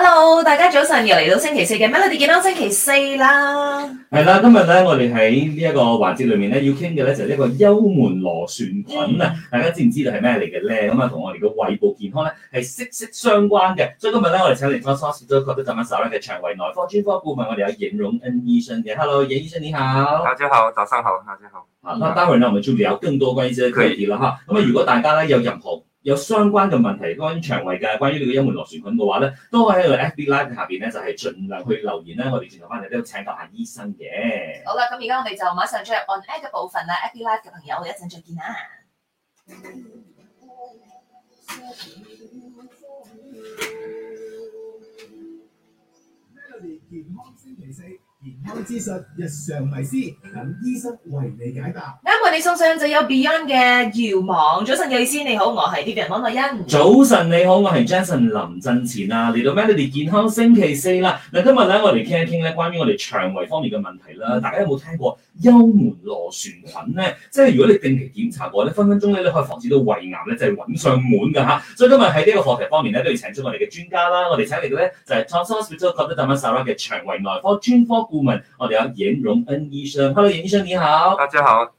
hello，大家早晨，又嚟到星期四嘅，乜 你哋見到星期四啦？係啦，今日咧，我哋喺呢一個環節裏面咧，要傾嘅咧就係、是、呢個幽門螺旋菌啊、嗯，大家知唔知道係咩嚟嘅咧？咁啊，同我哋嘅胃部健康咧係息息相關嘅，所以今日咧，我哋請嚟翻 Associate Doctor 嘅腸胃內科專科部門我哋有彥榮 N 醫生，嘅、嗯。hello 嚴醫生你好，大家好，早上好，大家好，啊，那、嗯、待會呢，我們就有更多關於呢啲嘢啦，吓，咁啊，如果大家咧有任何有相關嘅問題，關於腸胃嘅關於你嘅幽門螺旋菌嘅話咧，都可以喺個 FB Live 下邊咧，就係盡量去留言咧，我哋轉頭翻嚟都要請教下醫生嘅。好啦，咁而家我哋就馬上進入 on air 嘅部分啦，FB Live 嘅朋友，我哋一陣再見啦。 健康知識日常迷思，等醫生為你解答。啱為你送上就有 Beyond 嘅遙望。早晨，醫師你好，我係 David Mo Yen。早晨你好，我係 Jason 林振前啊，嚟到 Melody 健康星期四啦。嗱，今日咧我哋傾一傾咧關於我哋腸胃方面嘅問題啦，嗯，大家有冇聽過？幽門螺旋菌呢，即係如果你定期檢查嘅話，分分鐘呢咧可以防止到胃癌呢，就係、是、揾上門㗎吓，所以今日喺呢一個課題方面呢，都要請咗我哋嘅專家啦。我哋請嚟嘅呢，就係、是、Thomson Hospital Kota Damansara 嘅腸胃內科專科顧問，我哋有尹容恩醫生。Hello，尹醫生，你好。大家好。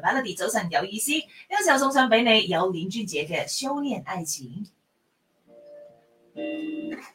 Melody 早晨有意思，一、這個時候送上俾你。有林俊傑嘅《修煉愛情》好。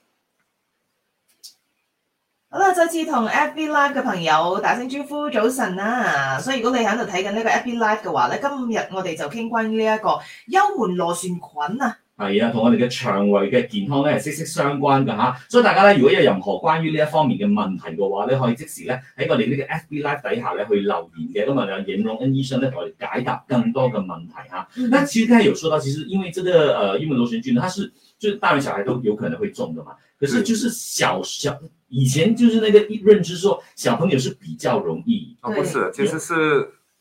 好啦，再次同 FB Live 嘅朋友打聲招呼，早晨啊！所以如果你喺度睇緊呢個 FB Live 嘅話咧，今日我哋就傾關於呢一個幽門螺旋菌啊。係、哎、啊，同我哋嘅腸胃嘅健康咧係息息相關噶嚇，所以大家咧，如果有任何關於呢一方面嘅問題嘅話咧，你可以即時咧喺我哋呢個 FB Live 底下咧去留言嘅，咁啊，嚴榮恩醫生咧同我哋解答更多嘅問題吓、嗯，那其實佢有說到，其實因為這個呃幽門螺旋菌呢，它是就是大人小孩都有可能會中嘅嘛，可是就是小小以前就是那個認知說，說小朋友是比較容易，哦，不是，其實是。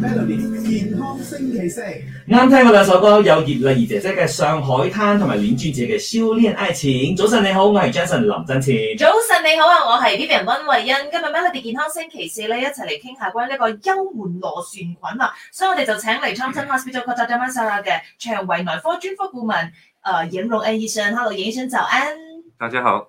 Melody，健康星期四，啱聽過兩首歌，有葉麗儀姐姐嘅《上海灘》同埋林俊傑嘅《修煉愛情》。早晨你好，我係 Jason 林真前。早晨你好啊，我係 Vivian 温慧欣。今日 Melody 健康星期四咧，一齊嚟傾下關於呢個幽門螺旋菌啦。所以我哋就請嚟 Central Hospital t a m a r a 嘅腸胃內科專科顧問誒、呃，影龍 A 醫生。Hello，影醫生早安。大家好。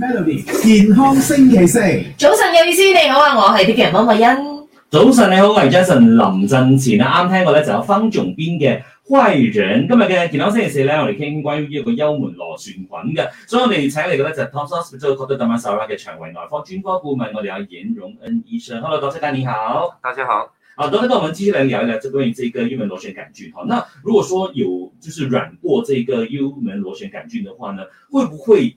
Melody，健康星期四，早晨嘅意思，你好啊，我係 DJ 汪慧欣。早晨你好，我係 Jason 林俊賢啊，啱聽過咧就有分仲邊嘅輝長。今日嘅健康星期四咧，我哋傾關於呢個幽門螺旋菌嘅，所以我哋請嚟嘅咧就係 Thomas，即係 Doctor Thomas 受壓嘅腸胃內科專科顧問，我哋阿嚴榮恩醫生。Hello，doctor，你好，大家好。好，doctor，咁我們繼續嚟聊，聊一聊，就關於呢一個幽門螺旋杆菌。好，那如果說有，就是染過呢個幽門螺旋杆菌嘅話呢，會唔會？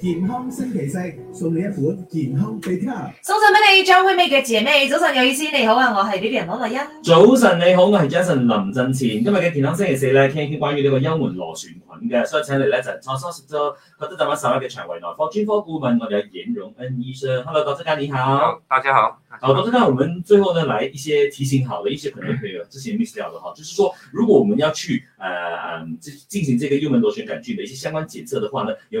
健康星期四送你一款健康杯送上俾你。張早晨有意思，你好啊，我係呢欣。早晨你好，我係 Jason 林振前。今日嘅健康星期四咧，傾一傾關於呢個幽門螺旋菌嘅，所以請你咧就坐坐咗廣州特委首一嘅腸胃內科專科顧問我哋嘅嚴榮恩醫生。Hello，doctor，你好。大家好。好，doctor，我們最後呢，來一些提醒，好的一些朋友，之前 miss 掉就是說，如果我們要去誒，進行這個幽門螺旋杆菌嘅一些相關檢測嘅話呢，有。